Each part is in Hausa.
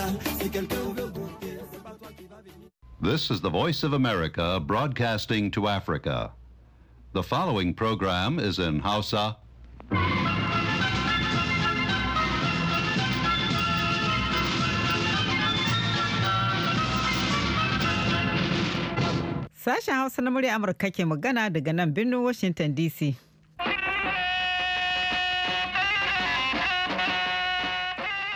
E This is the Voice of America broadcasting to Africa. The following program is in Hausa. Sashen Hausa na murya Amurka ke magana daga nan birnin Washington DC.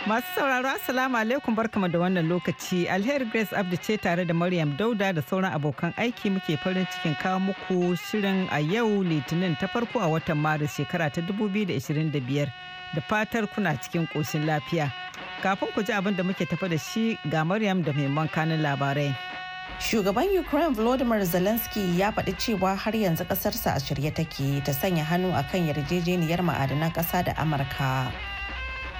Masu sauraro Assalamu alaikum barkamu da wannan lokaci Alheri Grace Abdu ce tare da Maryam Dauda da sauran abokan aiki muke farin cikin kawo muku shirin a yau Litinin ta farko a watan Maris shekara ta 2025 da fatar kuna cikin ƙoshin lafiya. Kafin ku ji abin da muke tafa da shi ga Maryam da mai kanin labarai. Shugaban Ukraine Volodymyr Zelensky ya faɗi cewa har yanzu ƙasarsa a shirye take ta sanya hannu akan yarjejeniyar ma'adanan ƙasa da Amurka.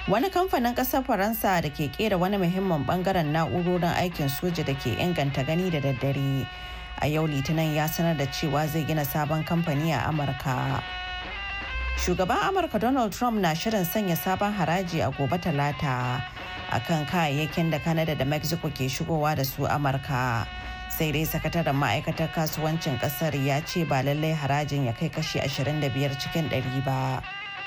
wani kamfanin kasar faransa da ke kera wani muhimmin bangaren na'urorin aikin soja da ke inganta gani da daddare a yau litinin ya sanar da cewa zai gina sabon kamfani a amurka shugaban amurka donald trump na shirin sanya sabon haraji a gobe talata a kan kayayyakin da canada da mexico ke shigowa da su amurka sai dai sakataren ma'aikatar kasuwancin kasar ya ce ba lallai harajin ya kai kashi 25 cikin 100 ba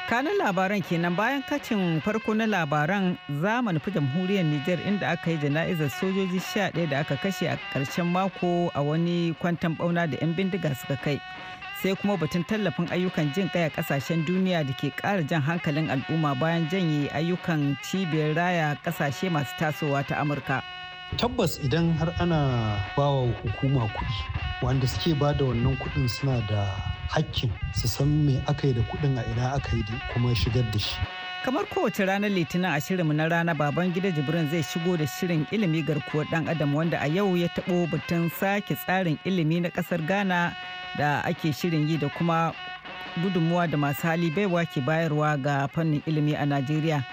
kanun labaran kenan bayan kacin farko na labaran zaman fi jamhuriyar niger inda aka yi jana'izar sojoji 11 da aka kashe a ƙarshen mako a wani kwantan bauna da 'yan bindiga suka kai sai kuma batun tallafin ayyukan jin kaya ƙasashen duniya da ke ƙara jan hankalin al'umma bayan janye ayyukan cibiyar raya ƙasashe masu tasowa ta amurka tabbas idan har ana bawa hukuma kuɗi wanda suke ba da wannan kuɗin suna da hakkin su san me aka yi da kuɗin a ina aka yi kuma shigar da shi kamar kowace ranar litinin a mu na rana baban gida jibrin zai shigo da shirin ilimi garkuwar dan adam wanda a yau ya taɓo batun sake tsarin ilimi na ƙasar ghana da ake shirin yi da kuma gudunmuwa da masu hali baiwa ke bayarwa ga fannin ilimi a najeriya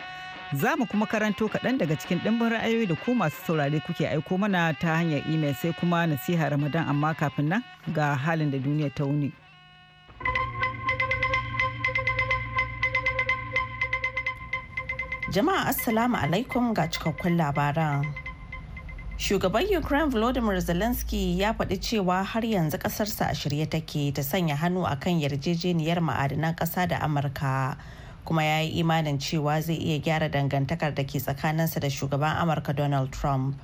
Za mu kuma karanto kaɗan daga cikin ɗimbin ra'ayoyi da ku masu saurare kuke aiko mana ta hanyar imel sai kuma nasiha Ramadan amma kafin nan ga halin da duniya ta wuni. Jama'a Assalamu alaikum ga cikakkun labaran. Shugaban Ukraine Volodymyr Zelensky ya faɗi cewa har yanzu ƙasarsa a shirye take ta sanya hannu akan yarjejeniyar ma'adanan ƙasa da Amurka. kuma ya yi imanin cewa zai iya gyara dangantakar da ke tsakaninsa da shugaban amurka donald trump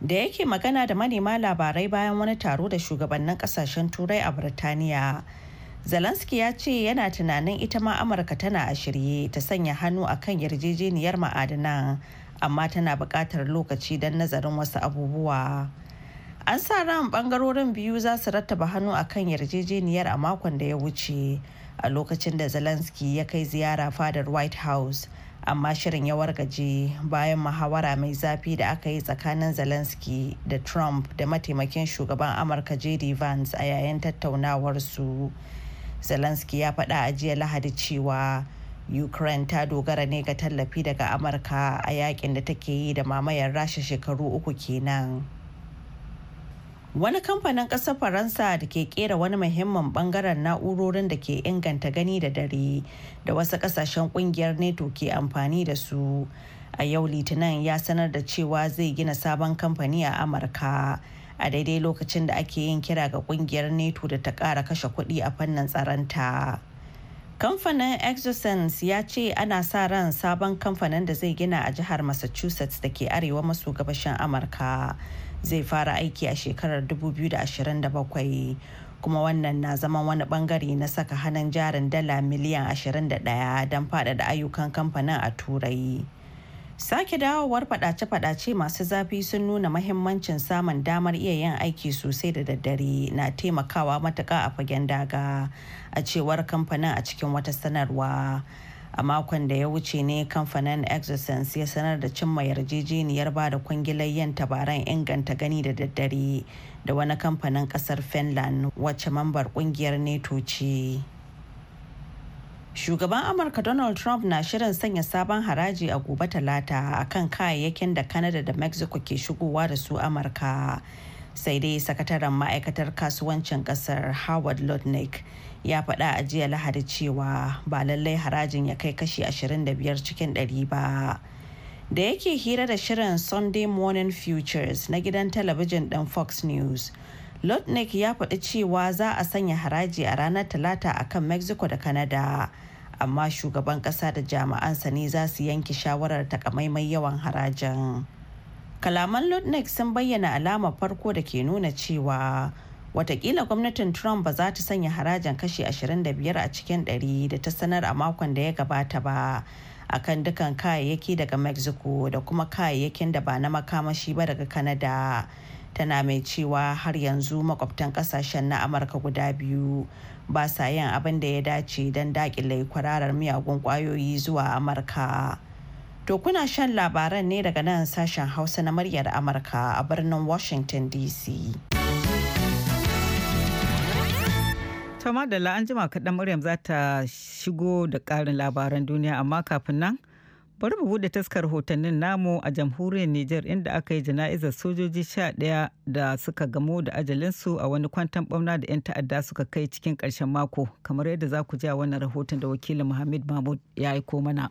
da yake magana da manema labarai bayan wani taro da shugabannin kasashen turai a birtaniya zelensky ya ce yana tunanin ita ma amurka tana a shirye ta sanya hannu a kan yarjejeniyar ma'adanan amma tana buƙatar lokaci don nazarin wasu abubuwa an sa ran bangarorin biyu za su rattaba hannu a kan yarjejeniyar a makon da ya wuce a lokacin da zelensky ya kai ziyara fadar white house amma shirin ya wargaje bayan muhawara mai zafi da aka yi tsakanin zelensky da trump da mataimakin shugaban amurka jd vance a yayin tattaunawarsu zelensky ya faɗa a jiya lahadi cewa ukraine ta dogara ne ga tallafi daga amurka a yakin da take yi da mamayar rasha shekaru uku kenan wani kamfanin ƙasar faransa da ke kera wani muhimmin bangaren na'urorin da ke inganta gani da dare da wasu ƙasashen ƙungiyar neto ke amfani da su a yau litinin ya sanar da cewa zai gina sabon kamfani a amurka a daidai lokacin da ake yin kira ga ƙungiyar neto da ta ƙara kashe kuɗi a fannin tsaranta kamfanin exosens ya ce ana sa ran sabon kamfanin da zai gina a jihar massachusetts da ke arewa maso gabashin amurka zai fara aiki a shekarar 2027 kuma wannan na zama wani bangare na saka hannun jarin dala miliyan 21 don faɗaɗa ayyukan kamfanin a turai sake dawowar faɗace-faɗace masu zafi sun nuna mahimmancin samun damar iya yin aiki sosai da daddare na taimakawa matuka a fagen daga a cewar kamfanin a cikin wata sanarwa. a makon da ya wuce ne kamfanin exosens ya sanar da cimma yarjejeniyar ba da kwangilar yin tabaran inganta gani da daddare da wani kamfanin kasar finland wacce mambar kungiyar neto ce shugaban amurka donald trump na shirin sanya sabon haraji a gobe talata akan kayayyakin da canada da mexico ke shigowa da su amurka sai dai sakataren ma'aikatar kasuwancin kasar howard lutnick ya faɗa a jiya lahadi cewa ba lallai harajin ya kai kashi 25 cikin 100 ba da yake hira da shirin sunday morning futures na gidan talabijin ɗin fox news lutnick ya faɗi cewa za a sanya haraji a ranar talata akan mexico da canada amma shugaban ƙasa da jami'ansa ne za su yanke shawarar takamaiman yawan harajin. kalaman ludnick sun bayyana alamar farko da ke nuna cewa watakila gwamnatin trump ba za ta sanya harajin kashi 25 a cikin 100 da ta sanar a makon da ya gabata ba akan dukan kayayyaki daga mexico da kuma kayayyakin da ba na makamashi ba daga canada tana mai cewa har yanzu makwabtan kasashen na amurka guda biyu ba sa yin abin da ya dace don dakile kwararar miyagun kwayoyi zuwa amurka To kuna shan labaran ne daga nan sashen Hausa na muryar Amurka a birnin Washington DC. Tama da an jima kaɗan Maryam za ta shigo da ƙarin labaran duniya amma kafin nan bari mu bude taskar hotannin namu a jamhuriyar Nijar inda aka yi jana'izar sojoji sha ɗaya da suka gamo da ajalinsu a wani kwantan ɓauna da 'yan ta'adda suka kai cikin ƙarshen mako kamar yadda za ku ji a wannan rahoton da wakilin Muhammad Mahmud ya aiko mana.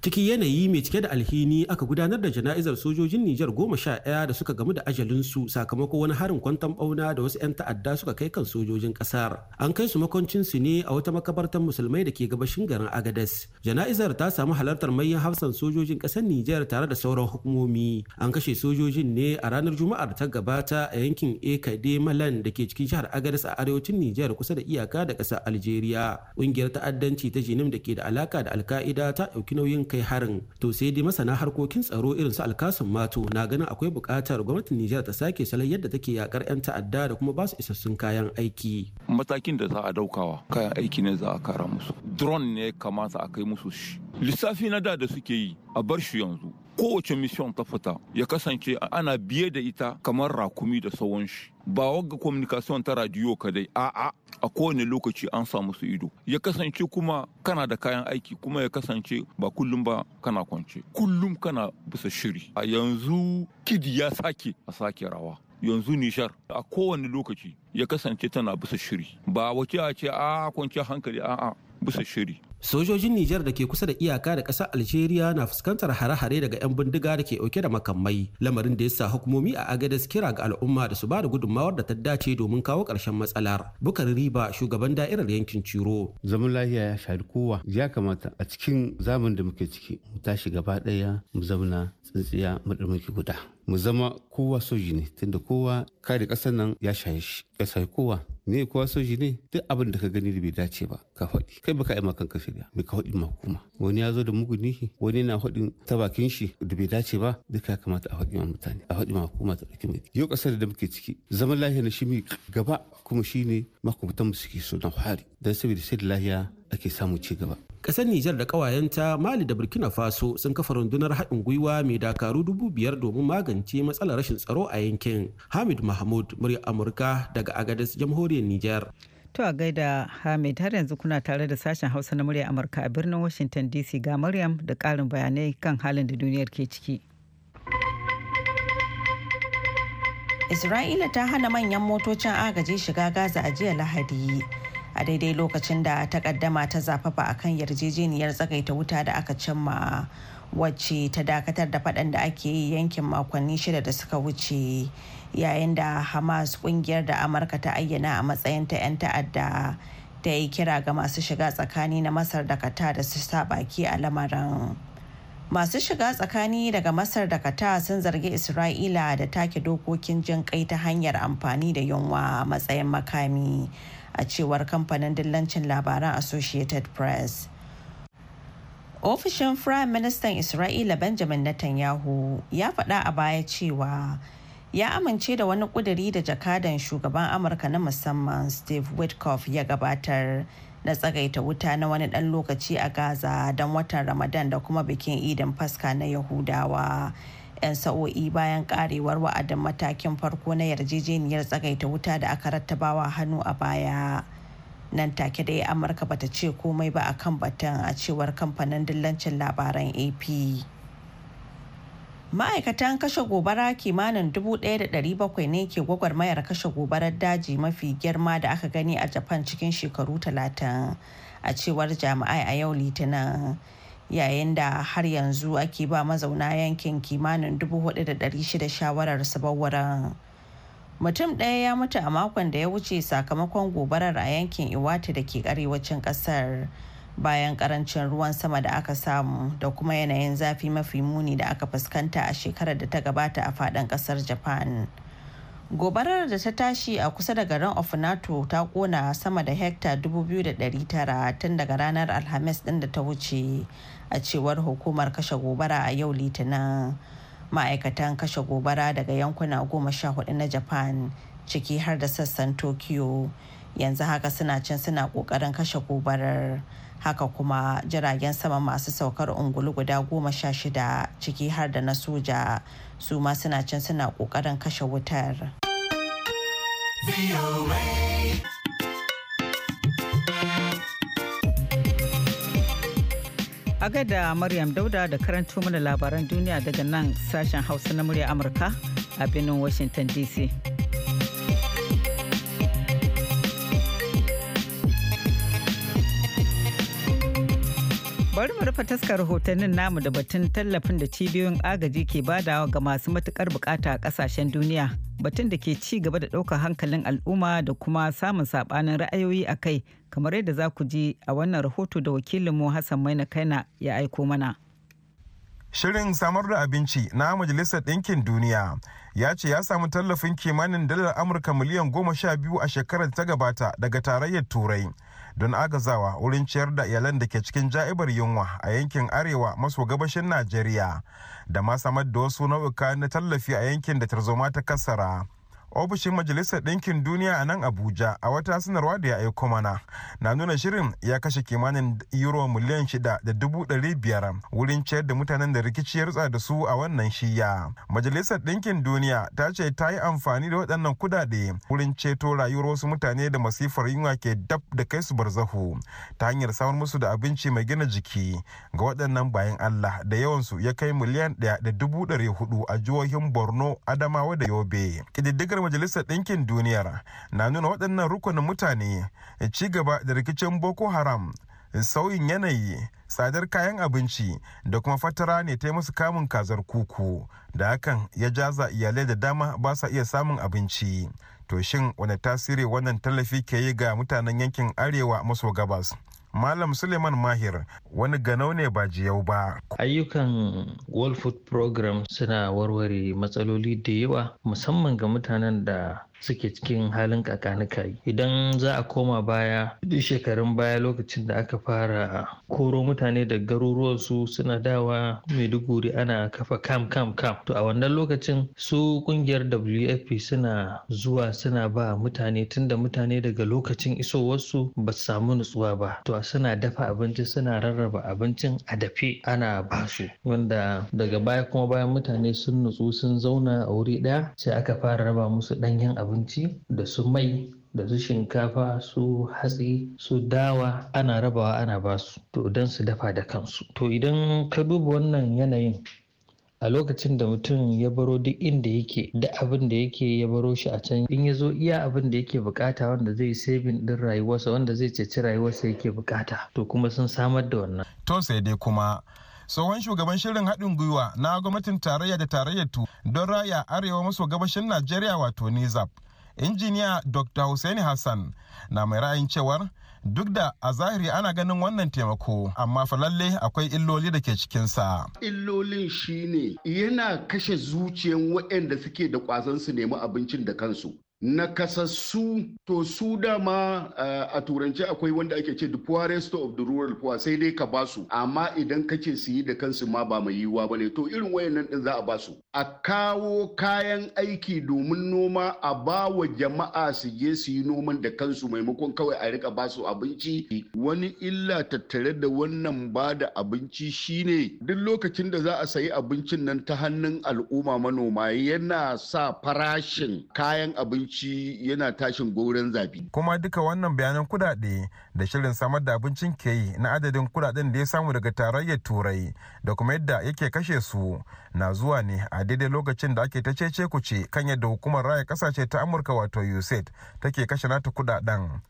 Cikin yanayi mai cike da alhini aka gudanar da jana'izar sojojin Nijar goma sha ɗaya da suka gamu da ajalinsu sakamako wani harin kwantan ɓauna da wasu 'yan ta'adda suka kai kan sojojin ƙasar. An kai su su ne a wata makabartar musulmai da ke gabashin garin Agades. Jana'izar ta samu halartar manyan hafsan sojojin ƙasar Nijar tare da sauran hukumomi. An kashe sojojin ne a ranar Juma'ar ta gabata a yankin Ekade Malan da ke cikin jihar Agades a arewacin Nijar kusa da iyaka da ƙasar Algeria. Ƙungiyar ta'addanci ta Jinim da ke da alaka da Alka'ida ta ɗauki nauyin kai harin to sai dai masana harkokin tsaro irin su alkasun mato na ganin akwai buƙatar gwamnatin Nijar ta sake salon yadda take yakar 'yan ta'adda da kuma basu isassun kayan aiki. Matakin da za a daukawa kayan aiki ne za a kara musu. Drone ne kamata a kai musu shi. Lissafi na da da suke yi a bar shi yanzu. Kowace mission ta fita ya kasance ana biye da ita kamar rakumi da sauran shi. ba wagga communication ta radio kadai a'a a kowane lokaci an samu su ido ya kasance kuma kana da kayan aiki kuma ya kasance ba kullum ba kana kwance kullum kana bisa shiri a yanzu kidi ya sake a sake rawa yanzu nishar a kowane lokaci ya kasance tana bisa shiri ba wace a ce a ah, kwanci hankali a'a bisa shiri sojojin Nijar da ke kusa da iyaka da ƙasar Algeria na fuskantar hare-hare daga 'yan bindiga da ke ɗauke da makamai lamarin da ya sa hukumomi a agadas kira ga al'umma da su ba da gudunmawar da ta dace domin kawo karshen matsalar. Bukar Riba shugaban da'irar yankin Ciro. Zaman lafiya ya shaɗi kowa ya kamata a cikin zamanin da muke ciki mu tashi gaba ɗaya mu zauna tsintsiya madarmaki guda. Mu zama kowa soji ne tunda kowa kare ƙasar nan ya shaye shi ya kowa. ne kowa soji ne duk abin da ka gani da bai dace ba ka faɗi kai baka yi makan ka shirya mai ka faɗi hukuma wani ya zo da muguni wani na faɗin ta bakin shi da bai dace ba duk ya kamata a faɗi ma mutane a faɗi ma hukuma ta ɗauki mai yau ƙasar da muke ciki zaman lahiya na shi gaba kuma shi ne makwabtan mu suke so na fari don saboda sai da lahiya ake samu ci gaba. Kasar Nijar da kawayenta Mali da Burkina Faso sun kafa rundunar haɗin gwiwa mai dakaru dubu biyar domin magance matsalar rashin tsaro a yankin. Hamid Mahmud, murya Amurka daga Agadez, Jamhuriyar Nijar. To a gaida Hamid har yanzu kuna tare da sashen Hausa na murya Amurka a birnin Washington DC ga Maryam da ƙarin bayanai kan halin da duniyar ke ciki. Isra'ila ta hana manyan motocin agaji shiga Gaza a jiya Lahadi. a daidai lokacin da ta kaddama ta zafafa a kan yarjejeniyar tsagaita wuta da aka cimma wacce ta dakatar da faɗan da ake yi yankin makonni shida da suka wuce yayin da hamas kungiyar da amurka ta ayyana a matsayin ta 'yan ta'adda ta yi kira ga masu shiga tsakani na masar da kata da su sa baki a lamarin masu shiga tsakani daga masar da kata sun zargi isra'ila da take dokokin jin kai ta hanyar amfani da yunwa matsayin makami a cewar kamfanin dillancin labaran associated press ofishin prime minister isra'ila benjamin netanyahu ya faɗa a baya cewa ya amince da wani ƙuduri da jakadan shugaban amurka na musamman steve witkoff ya gabatar na tsagaita wuta na wani ɗan lokaci a gaza don watan ramadan da kuma bikin idin fasca na yahudawa 'yan sa'o'i bayan karewar wa'adin matakin farko na yarjejeniyar tsagaita wuta da aka rattabawa hannu a baya nan take dai amurka bata ce komai ba akan batun a cewar kamfanin dillancin labaran ap ma'aikatan kashe gobara kimanin 1,700 ne ke gwagwarmayar kashe gobarar daji mafi girma da aka gani a japan cikin shekaru 30 a cewar jami'ai a yau litinin yayin da har yanzu ake ba mazauna yankin kimanin 4,600 shawarar sabawaran mutum ɗaya ya mutu a makon da ya wuce sakamakon gobarar a yankin iwata da ke arewacin ƙasar bayan ƙarancin ruwan sama da aka samu da kuma yanayin zafi mafi muni da aka fuskanta a shekarar da ta gabata a faɗin ƙasar japan gobarar da ta tashi a kusa da garin ofinato ta kona sama da hekta 2,900 tun daga ranar alhamis din da ta wuce a cewar hukumar kashe gobara a yau litinin ma'aikatan kashe gobara daga yankuna goma sha hudu na japan ciki har da sassan tokyo yanzu haka suna cin suna kokarin kashe gobarar haka kuma jiragen sama masu saukar ungulu guda goma sha shida ciki har da na soja su ma suna can suna kokarin kashe wutar a da maryam dauda da karanto mana labaran duniya daga nan sashen hausa na murya amurka a birnin washington dc bari mu rufe taskar rahotannin namu da batun tallafin da cibiyoyin agaji ke badawa ga masu matukar bukata a kasashen duniya batun da ke ci gaba da ɗaukar hankalin al'umma da kuma samun sabanin ra'ayoyi a kai kamar yadda za ku ji a wannan rahoto da wakilinmu hassan maina kaina ya aiko mana shirin samar da abinci na majalisar ɗinkin duniya ya ce ya samu tallafin kimanin dalar amurka miliyan goma sha biyu a shekarar ta gabata daga tarayyar turai don agazawa wurin ciyar da iyalan da ke cikin ja'ibar yunwa a yankin arewa maso gabashin najeriya da ma samar da wasu nau'uka na tallafi a yankin da tarzoma ta kasara ofishin majalisar ɗinkin duniya a nan abuja a wata sanarwa da ya aiko mana na nuna shirin ya kashe kimanin euro miliyan shida da dubu ɗari biyar wurin ciyar da mutanen da rikici ya rutsa da su a wannan shiya majalisar ɗinkin duniya ta ce ta yi amfani da waɗannan kudade wurin ceto rayuwar wasu mutane da masifar yunwa ke dab da kai su barzahu ta hanyar samar musu da abinci mai gina jiki ga waɗannan bayan allah da yawansu ya kai miliyan ɗaya da dubu ɗari hudu a jihohin borno adamawa da yobe ƙididdigar majiyar majalisar ɗinkin duniyar na nuna waɗannan rukunin mutane ci gaba da rikicin boko haram sauyin yanayi tsadar kayan abinci da kuma fatara ne ta yi musu kamun kazar kuku da hakan ya jaza iyalai da dama ba sa iya samun abinci to shin wani tasiri wannan tallafi ke yi ga mutanen yankin arewa maso gabas Malam Suleiman Mahir wani ganau ne ba jiyau ba. Ayyukan World Food Program suna warware matsaloli da yawa musamman ga mutanen da suke cikin halin kakanika idan za a koma baya duk shekarun baya lokacin da aka fara koro mutane da garuruwansu suna dawa mai maiduguri ana kafa kam kam kam to a wannan lokacin su kungiyar wfp suna zuwa suna ba mutane tunda mutane daga lokacin isowarsu ba su samu nutsuwa ba to suna dafa abinci suna rarraba abincin a dafe ana basu wanda daga baya kuma bayan mutane sun nutsu sun zauna a wuri ɗaya sai aka fara raba musu ɗanyen abinci abinci da su mai da su shinkafa su hatsi su dawa ana rabawa ana basu to don su dafa da kansu to idan ka duba wannan yanayin a lokacin da mutum ya baro duk inda yake da abin da yake ya baro shi a can in ya zo iya abin da yake bukata wanda zai saving din rayuwarsa wanda zai ceci rayuwarsa yake bukata to kuma sun samar da wannan to sai dai kuma tsohon shugaban shirin haɗin gwiwa na gwamnatin tarayya da tarayyar tu don raya arewa maso gabashin najeriya wato nizab injiniya dr hussaini hassan na mai ra'ayin cewar duk da a zahiri ana ganin wannan taimako amma falalle akwai illoli da ke cikinsa. illolin shine yana kashe zuciyan waɗanda suke da ƙwazon su nemi abincin da kansu nakasassu to su dama a turanci akwai wanda ake ce the poorest of the rural poor sai dai ka basu amma idan ka ce su yi da kansu ma ba mai yiwuwa ba ne. to irin wayannan din za a basu a kawo kayan aiki domin noma a ba wa jama'a su je su yi noman da kansu maimakon kawai a rika basu abinci wani illa tattare da wannan ba da abinci shine duk lokacin da za a sayi abincin nan ta hannun al'umma manoma yana sa farashin kayan abinci abinci yana tashin gauran zabi. Kuma duka wannan bayanan kudade da shirin samar da abincin ke yi na adadin kudaden da ya samu daga tarayyar turai da kuma yadda yake kashe su na zuwa ne a daidai lokacin da ake ta cece kuce kan yadda hukumar raya kasashe ta Amurka wato USAID take kashe nata kudaden.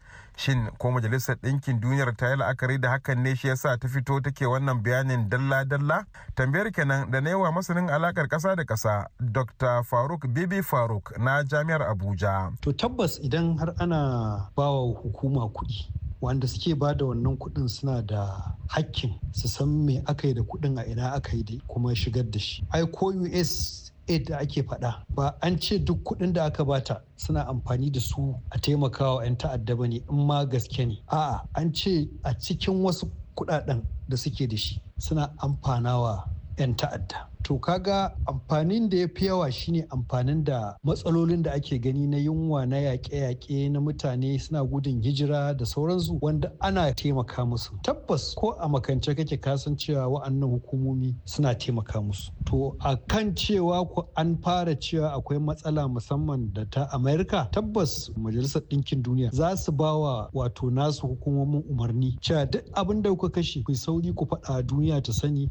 shin ko majalisar ɗinkin duniyar ta yi la'akari da hakan ne shi yasa ta fito take wannan bayanin dalla-dalla tambayar kenan da na wa masanin alakar ƙasa da ƙasa dr faruk bibi faruk na jami'ar abuja to tabbas idan har ana bawa hukuma kuɗi wanda suke ba da wannan kuɗin suna da hakkin su san me aka yi da kuɗin a ina aka yi da kuma shigar da shi ai ko us aid da ake faɗa ba an ce duk kuɗin da aka bata suna amfani da su a taimakawa 'yan ta'adda ba ne in ma gaske ne a'a an ce a cikin wasu kuɗaɗen da suke da shi suna amfanawa 'yan ta'adda to kaga amfanin da ya fi yawa shine amfanin da matsalolin da ake gani na yunwa na yaƙe-yaƙe na mutane suna gudun hijira da sauransu wanda ana taimaka musu tabbas ko a makance kake kasan cewa wa'annan hukumomi suna taimaka musu to a kan cewa ku an fara cewa akwai matsala musamman da ta amerika tabbas majalisar ɗinkin duniya za su ba wa wato nasu hukumomin umarni cewa duk abin da kuka kashe ku sauri ku faɗa duniya ta sani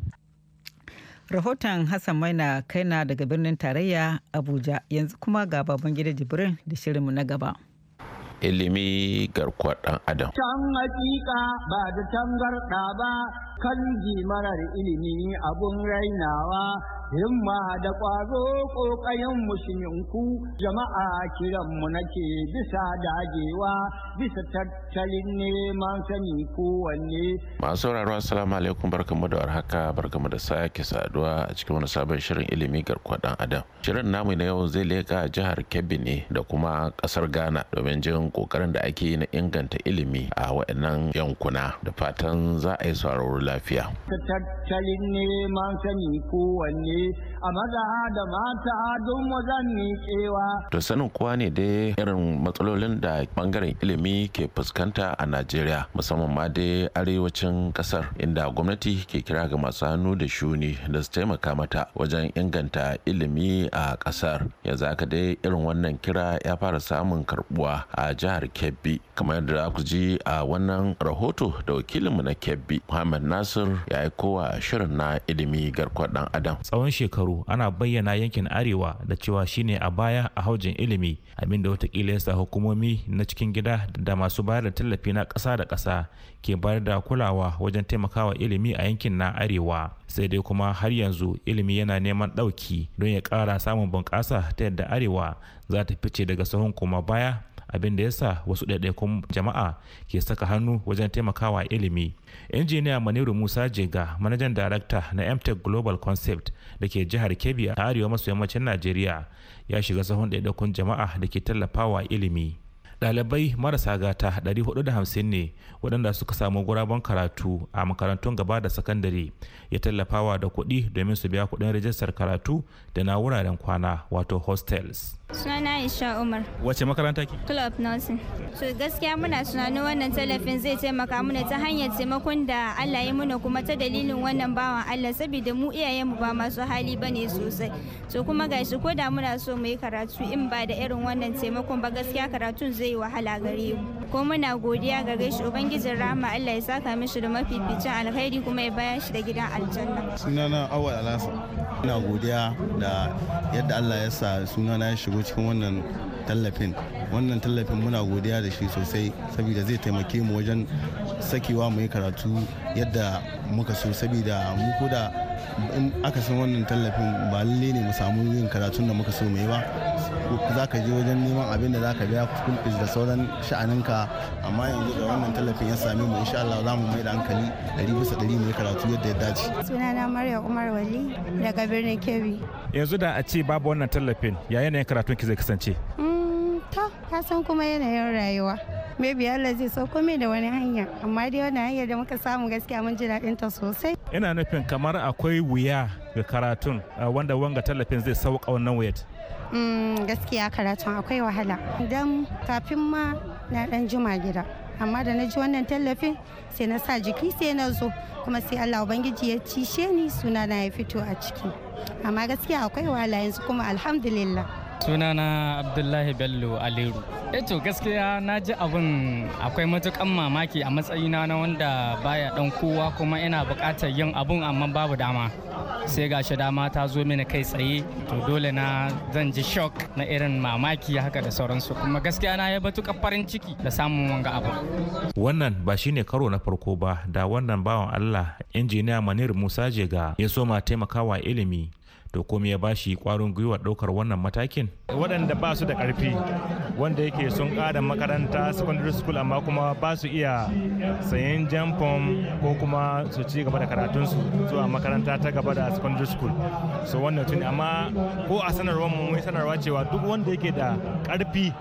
rahoton hassan maina kaina daga birnin tarayya abuja yanzu kuma ga baban gida jibrin da shirinmu na gaba ilimi garkuwar dan adam can hakika ba da tangarda ba kan marar ilimi abun rainawa himma da ƙwazo ƙayan musulminku jama'a kiranmu nake bisa dagewa bisa tattalin neman sani kowanne. Masu sauraro assalamu alaikum barkamu da warhaka barkamu da sake saduwa a cikin wani sabon shirin ilimi garkuwa dan adam. Shirin namu na yau zai leƙa jihar Kebbi ne da kuma ƙasar Ghana domin jin ƙoƙarin da ake yi na inganta ilimi a waɗannan yankuna da fatan za a yi sauraro lafiya. Tattalin neman sani kowanne a maza da mata don wajen miƙewa. To sanin kuwa ne dai irin matsalolin da bangaren ilimi ke fuskanta a Najeriya musamman ma dai arewacin kasar inda gwamnati ke kira ga masu hannu da shuni da su taimaka mata wajen inganta ilimi a kasar. Ya zaka dai irin wannan kira ya fara samun karbuwa a jihar Kebbi kamar yadda ku ji a wannan rahoto da wakilinmu na Kebbi Muhammad Nasir ya yi kowa shirin na ilimi garkuwar dan Adam. Tsawon tsawon shekaru ana bayyana yankin arewa da cewa shine a baya a haujin ilimi abin da watakila ya sa hukumomi na cikin gida da masu bayar da tallafi na ƙasa da ƙasa ke bayar da kulawa wajen taimakawa ilimi a yankin na arewa sai dai kuma har yanzu ilimi yana neman ɗauki don ya ƙara samun bunƙasa ta yadda arewa za ta fice daga sahun kuma baya abin da ya sa wasu ɗaiɗaikun jama'a ke saka hannu wajen taimakawa ilimi injiniya maniru musa jega manajan darakta na mtech global concept da ke jihar kebbi a arewa maso yammacin najeriya ya shiga sahun ɗaiɗaikun jama'a da ke tallafawa ilimi ɗalibai marasa gata 450 ne waɗanda suka samu guraben karatu a makarantun gaba da sakandare ya tallafawa da kuɗi domin su biya kuɗin rajistar karatu da na wuraren kwana wato hostels suna isha umar wace makaranta ke club nursing to gaskiya muna tunanin wannan tallafin zai taimaka mana ta hanyar taimakon da allah ya muna kuma ta dalilin wannan bawan allah saboda mu iyayenmu ba masu hali bane sosai to kuma gashi ko da muna so mu yi karatu in ba da irin wannan taimakon ba gaskiya karatun zai zai wahala gare mu ko muna godiya ga gaishe ubangijin rahama Allah ya saka mishi da mafificin alkhairi kuma ya baya shi da gidan aljanna sunana awal alasa ina godiya da yadda Allah ya sa sunana ya shigo cikin wannan tallafin wannan tallafin muna godiya da shi sosai saboda zai taimake mu wajen sakewa mu yi karatu yadda muka so saboda mu koda in aka san wannan tallafin ba lalle ne mu samu yin karatun da muka so mai ba za ka je wajen neman abin da za ka biya kuskul da sauran sha'aninka amma yanzu da wannan tallafin ya sami mu insha Allah za mu mai da hankali ɗari bisa ɗari mai karatu yadda ya dace. sunana Maryam Umar Wali daga birnin Kebbi. yanzu da a ce babu wannan tallafin ya yanayin karatun ki zai kasance. Mm, ta ka san kuma yanayin rayuwa. maybe Allah zai so da wani hanya amma dai wani hanyar da muka samu gaskiya mun ji daɗin ta sosai ina nufin kamar akwai wuya ga karatun wanda wanga tallafin zai sauka wannan wuyar mm, gaskiya karatun akwai wahala idan kafin ma na dan juma gida amma da na ji wannan tallafin sai na sa jiki sai na zo kuma sai allah ubangiji ya cishe ni suna na ya fito a ciki amma gaskiya akwai wahala yanzu kuma alhamdulillah sunana abdullahi bello aleru eto eh gaskiya na ji abin akwai matukan mamaki a matsayina na wanda baya dan kowa kuma ina bukatar yin abun amma babu dama sai ga shi dama ta zo mini kai tsaye to dole na zan ji shock na irin mamaki haka da sauransu kuma gaskiya na ya batuka farin ciki da samun wanga abu wannan ba shine karo na farko ba da wannan bawan allah injiniya manir musa jega ya soma taimakawa ilimi to kome ya ba shi kwarin gwiwa ɗaukar wannan matakin waɗanda ba su da ƙarfi wanda yake sun ƙara makaranta secondary school amma kuma ba su iya sayen jamfon ko kuma su ci gaba da karatunsu zuwa makaranta ta gaba da secondary school so wannan tuni amma ko a sanarwar mu mun sanarwa cewa duk wanda yake da ƙarfi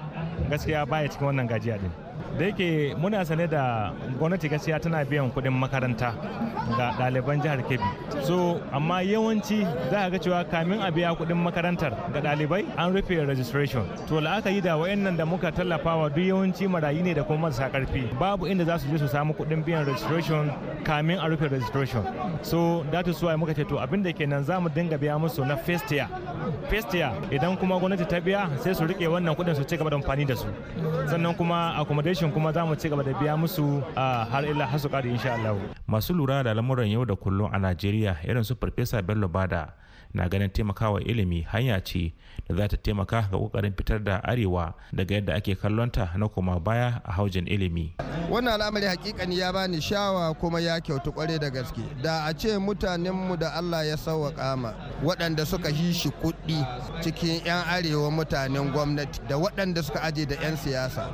gaskiya baya cikin wannan gajiya din da yake muna sane da gwamnati gaskiya tana biyan kuɗin makaranta ga ɗaliban jihar kebbi so amma yawanci za a ga cewa kamin a biya kuɗin makarantar ga ɗalibai an rufe registration to yi da wayannan da muka tallafawa duk yawanci marayu ne da kuma marasa karfi babu inda za su je su samu kuɗin biyan registration kamin a rufe registration so that is why muka ce to abin da kenan za mu dinga biya musu na first year first year idan kuma gwamnati ta biya sai su rike wannan kuɗin su ci gaba da amfani da su sannan kuma accommodation kuma za mu ci gaba da biya musu a har illa hasu kari insha Allah masu lura da lamuran yau da kullum a Najeriya irin su Farfesa Bello Bada na ganin taimakawa ilimi hanya ce da za ta taimaka ga kokarin fitar da arewa daga yadda ake kallonta na koma baya a haujin ilimi wannan al'amari hakikani ya bani shawa kuma ya kyautu kware da gaske da a ce mutanenmu da allah ya sauwa kama waɗanda suka yi shi kuɗi cikin 'yan arewa mutanen gwamnati da waɗanda suka aje da 'yan siyasa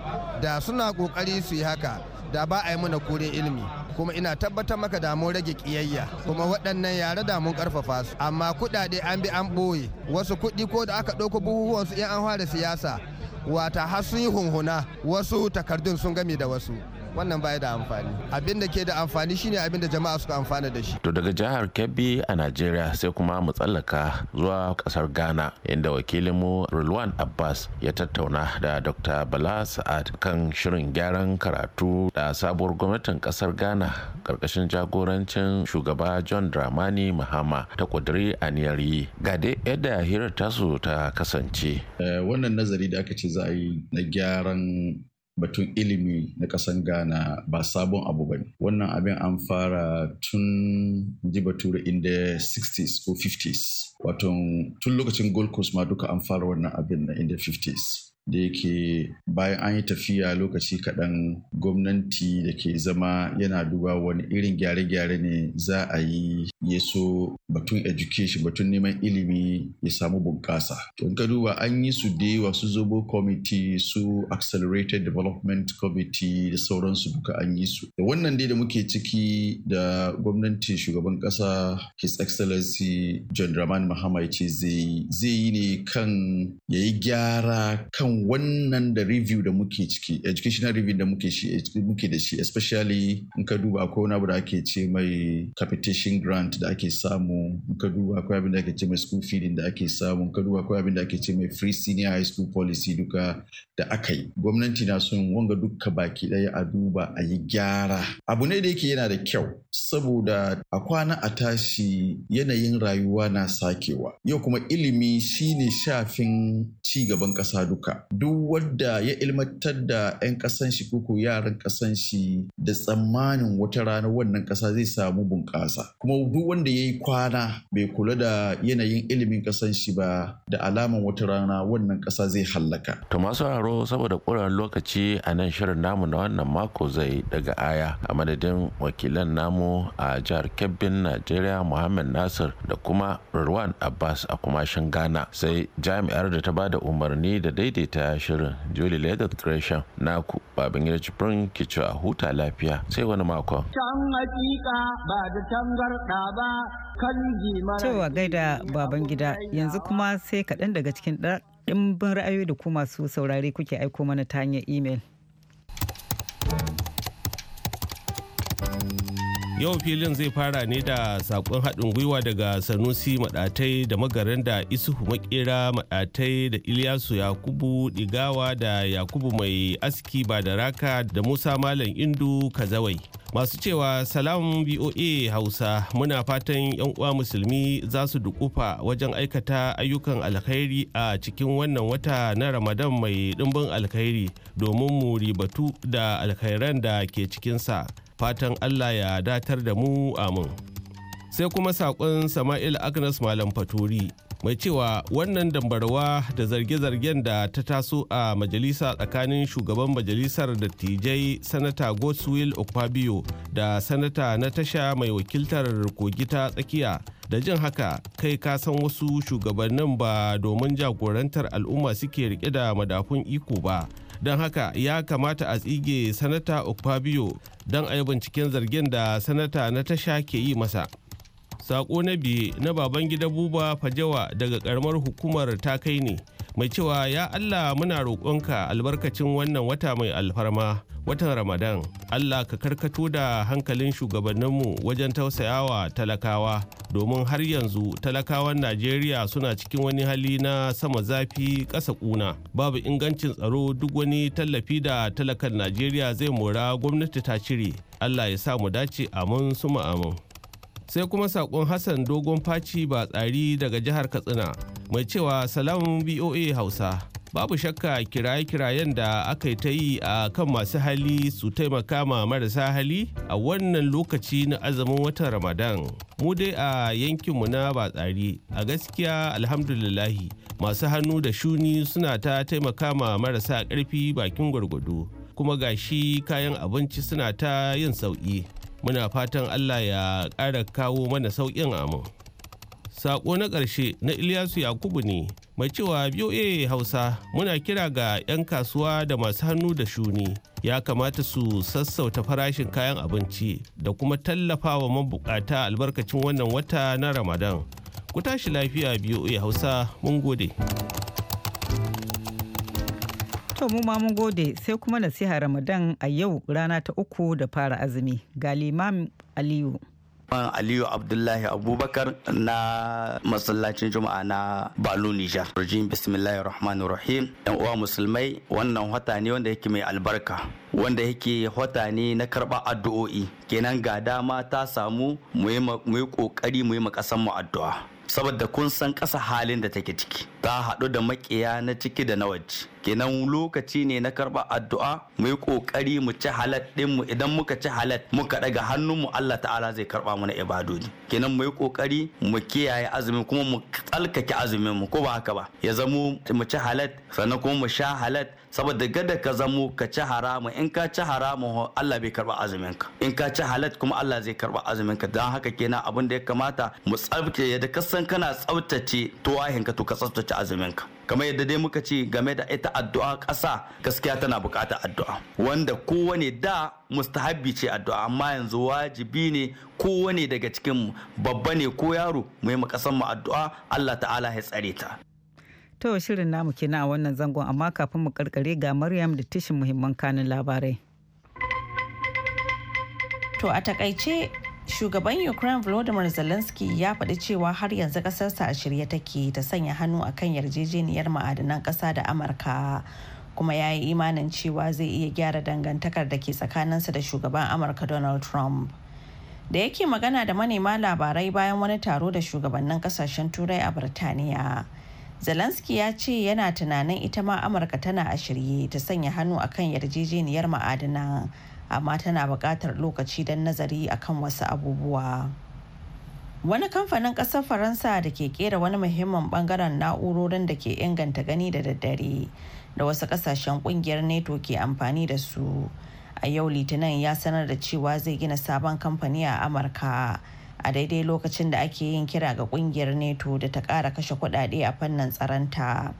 da suna ƙoƙari su yi haka da ba a yi mana kurin ilimi kuma ina tabbatar maka da mun rage kiyayya kuma waɗannan yare da mun ƙarfafa su amma kuɗa kuɗaɗe an bi an ɓoye wasu kuɗi ko da aka ɗauko buhuhuwansu in an fara siyasa wata har sun yi hunhuna wasu takardun sun gami da wasu wannan baya da amfani abin da ke da amfani shine abin da jama'a suka amfana da shi to daga jihar kebbi a najeriya sai kuma mu tsallaka zuwa kasar ghana inda wakilinmu rulwan abbas ya tattauna da dr bala sa'ad kan shirin gyaran karatu da sabuwar gwamnatin kasar ghana karkashin jagorancin shugaba john dramani mahama ta kudiri aniyar yi gade yadda hirar tasu ta kasance eh, wannan nazari da aka ce za a yi na gyaran batun ilimi na ƙasan gana ba sabon abu ba wannan abin an fara tun ji bature in the 60s ko 50s wato tun lokacin gold coast ma duka an fara wannan abin na in the 50s da yake bayan an yi tafiya lokaci kaɗan gwamnati da ke zama yana duba wani irin gyare-gyare ne za a yi ya so batun education batun neman ilimi ya samu bunƙasa. To ka duba an yi su da yawa su zobo committee su accelerated development committee da sauransu duka an yi su. Da wannan dai da muke ciki da gwamnati shugaban ƙasa his excellency John Dramani Mahama ya ce zai yi ne kan ya yi gyara kan akan wannan da review da muke ciki educational review da muke shi muke da shi especially in ka duba ko na abu da ake ce mai capitation grant da ake samu in ka duba ko abin da ake ce mai school feeding da ake samu in ka duba ko abin da ake ce mai free senior high school policy duka da aka yi gwamnati na son wanga duka baki daya a duba a yi gyara abu ne da yake yana da kyau saboda a kwana a tashi yanayin rayuwa na sakewa yau kuma ilimi shine shafin ci gaban ƙasa duka duk wadda ya ilmantar da 'yan ƙasan shi koko yaran ƙasan shi da tsammanin wata rana wannan ƙasa zai samu bunƙasa kuma duk wanda ya yi kwana bai kula da yanayin ilimin ƙasan shi ba da alaman wata rana wannan ƙasa zai hallaka. to masu raro saboda ƙuran lokaci a nan shirin namu na wannan mako zai daga aya a madadin wakilan namu a jihar kebbin najeriya muhammad nasir da kuma Ruwan abbas a kumashin ghana sai jami'ar da ta ba da umarni da daidaita ta shirin Julie Leather Gresham naku babin gida Jibrin ke a huta lafiya sai wani makon. Can hakika ba da tangarɗa ba kan Cewa gaida baban gida yanzu kuma sai kaɗan daga cikin ɗimbin ra'ayoyi da ku masu saurare kuke aiko mana ta hanyar imel. Yau filin zai fara ne da sakon haɗin gwiwa daga Sanusi Maɗatai da magaran da Isuhu Makera Maɗatai da Ilyasu Yakubu Digawa da Yakubu Mai Aski Badaraka da Musa Malam Indu Kazawai. Masu cewa salam BOA Hausa muna fatan 'yan uwa musulmi za su dukufa wajen aikata ayyukan alkhairi a cikin wannan wata na Ramadan mai ɗimbin alkhairi domin mu ribatu da alkhairan da ke cikinsa. fatan Allah ya datar da mu amin. Sai kuma saƙon Sama'il Agnes Malam Fatori mai cewa wannan dambarwa da zarge-zargen da ta taso a majalisa tsakanin shugaban majalisar dattijai sanata godswill okpabio da sanata na tasha mai wakiltar kogi ta tsakiya da jin haka kai ka san wasu shugabannin ba domin jagorantar al'umma suke rike da madafun iko ba don haka ya kamata a tsige sanata okpabio don a yi binciken zargin da sanata na tasha ke yi masa sako na biye na baban gida buba fajawa daga ƙaramar hukumar ta kai ne mai cewa ya Allah muna roƙonka albarkacin wannan wata mai alfarma watan Ramadan Allah ka karkato da hankalin shugabanninmu wajen tausayawa talakawa domin har yanzu talakawan Najeriya suna cikin wani hali na sama zafi ƙasa ƙuna babu ingancin tsaro duk wani tallafi da talakan Najeriya zai mora gwamnati ta cire Allah ya sa mu dace amin suma amin. sai kuma saƙon hassan dogon faci ba tsari daga jihar katsina mai cewa salamun boa hausa babu shakka kiraye-kirayen da aka ta yi a kan masu hali su taimaka ma marasa hali a wannan lokaci na azumin watan ramadan mu dai a yankinmu na ba tsari. a gaskiya alhamdulillahi masu hannu da shuni suna ta taimaka ma marasa ƙarfi bakin gwargwado kuma gashi kayan abinci suna ta yin sauƙi muna fatan allah ya ƙara kawo mana sauƙin amin Saƙo na ƙarshe na ilyasu yakubu ne mai cewa voa hausa muna kira ga 'yan kasuwa da masu hannu da shuni ya kamata su sassauta farashin kayan abinci da kuma tallafa wa mabukata albarkacin wannan wata na ramadan ku tashi lafiya voa hausa mun gode. To mu ma mun gode sai kuma nasiha Ramadan a yau rana ta uku da fara azumi ga Limam Aliyu. Aliyu Abdullahi Abubakar na masallacin Juma'a na Balu Nijar. Rajim bismillahir rahmanir rahim. Yan uwa musulmai wannan wata ne wanda yake mai albarka. Wanda yake wata ne na karɓa addu'o'i. Kenan ga dama ta samu mu yi ƙoƙari mu yi mu addu'a. saboda kun san ƙasa halin da take ciki ta haɗu da makiya na ciki da na waje kenan lokaci ne na karɓa addu'a mu yi ƙoƙari mu ci halat ɗinmu idan muka ci halat muka ɗaga hannunmu Allah ta'ala zai karɓa mu na ibadodi kenan mu yi ƙoƙari mu kiyaye azumi kuma mu tsalkake azumin mu ko ba haka ba ya zamo mu ci halat sannan kuma mu sha halat saboda gada ka zamo ka ci haramu in ka ci haramu Allah bai karba azumin ka in ka ci halat kuma Allah zai karba azumin ka dan haka kenan abin da ya kamata mu tsabke yadda ka san kana tsabtace tuwahin ka to ka tsabtace azumin ka kamar yadda dai muka ce game da ita addu'a kasa gaskiya tana buƙatar addu'a wanda kowane da mustahabbi ce addu'a amma yanzu wajibi ne kowane daga cikin babba ne ko yaro mu yi mu addu'a Allah ta'ala ya tsare ta To shirin namu kina a wannan zangon amma kafin mu karkare ga Maryam da tishin muhimman kanin labarai. To a takaice shugaban Ukraine Volodymyr Zelensky ya faɗi cewa har yanzu ƙasarsa a shirye take ta sanya hannu a kan yarjejeniyar ma'adanan ƙasa da Amurka. kuma ya yi imanin cewa zai iya gyara dangantakar da ke tsakaninsa da shugaban amurka donald trump da yake magana da manema labarai bayan wani taro da shugabannin kasashen turai a birtaniya Zelensky ya ce yana tunanin ita ma Amurka tana a shirye ta sanya hannu akan yarjejeniyar ma'adana amma tana buƙatar lokaci don nazari akan wasu abubuwa. Wani kamfanin ƙasar Faransa da ke kera wani muhimmin bangaren na'urorin da ke inganta gani da daddare da wasu ƙasashen ƙungiyar NATO ke amfani da su. A yau Litinin ya sanar da cewa zai gina sabon kamfani a Amurka. a daidai lokacin da ake yin kira ga kungiyar neto da ta kara kashe kudade a fannin tsaranta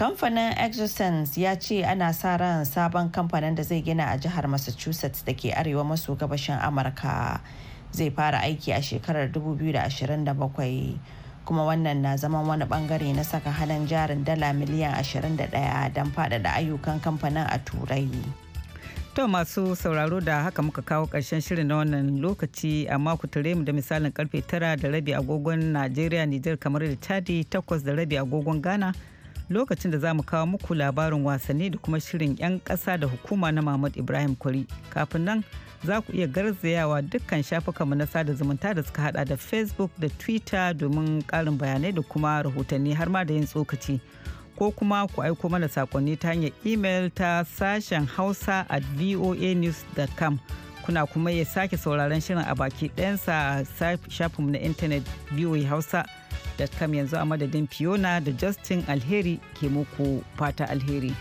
kamfanin exosens ya ce ana sa ran sabon kamfanin da zai gina a jihar massachusetts da ke arewa maso gabashin amurka zai fara aiki a shekarar 2027 kuma wannan na zaman wani bangare na saka hannun jarin dala miliyan 21 don fadada ayyukan kamfanin a turai To masu sauraro da haka muka kawo ƙarshen shirin na wannan lokaci amma ku tare mu da misalin karfe tara da rabi agogon Najeriya Nijar kamar da Chadi takwas da rabi agogon Ghana lokacin da za mu kawo muku labarin wasanni da kuma shirin 'yan ƙasa da hukuma na Mahmud Ibrahim Kwari. Kafin nan za ku iya garzayawa dukkan shafukanmu na sada zumunta da suka hada da Facebook da Twitter domin ƙarin bayanai da kuma rahotanni har ma da yin tsokaci. ko kuma ku aiko mana sakonni ta hanyar imel ta sashen hausa at voanews.com kuna kuma ya sake sauraron shirin a baki ɗansa a shafinmu na intanet voahausa.com yanzu a madadin fiona da justin alheri ke muku fata alheri.